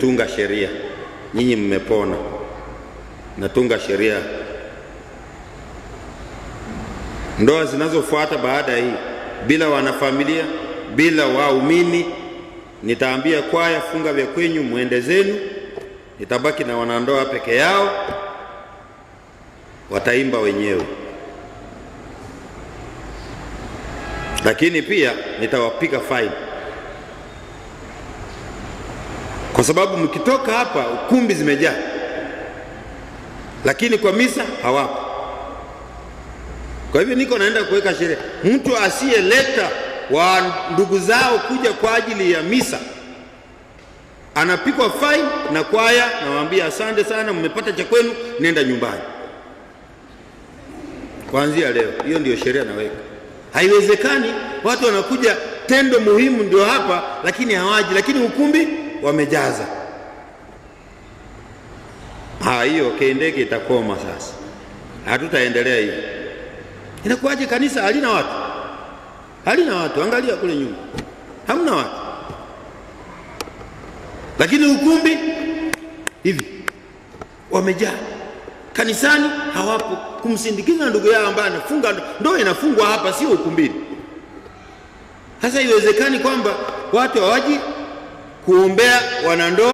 tunga sheria, nyinyi mmepona, natunga sheria. Ndoa zinazofuata baada hii, bila wanafamilia, bila waumini, nitaambia kwaya, funga vya kwenyu, mwende zenu, nitabaki na wanandoa peke yao, wataimba wenyewe lakini pia nitawapiga faini. kwa sababu mkitoka hapa ukumbi zimejaa, lakini kwa misa hawapo. Kwa hivyo niko naenda kuweka sheria, mtu asiyeleta wa ndugu zao kuja kwa ajili ya misa anapikwa faini na kwaya, nawaambia asante sana, mmepata cha kwenu, nenda nyumbani kuanzia leo. Hiyo ndio sheria naweka. Haiwezekani watu wanakuja tendo muhimu ndio hapa, lakini hawaji, lakini ukumbi wamejaza. Ha, hiyo kendege itakoma sasa, hatutaendelea hivi. Inakuwaje kanisa halina watu? Halina watu, angalia kule nyuma, hamna watu, lakini ukumbi hivi wamejaa. Kanisani hawapo kumsindikiza ndugu yao ambaye anafunga, ndio inafungwa hapa, sio ukumbini. Sasa iwezekani kwamba watu hawaji kuombea wanandoa.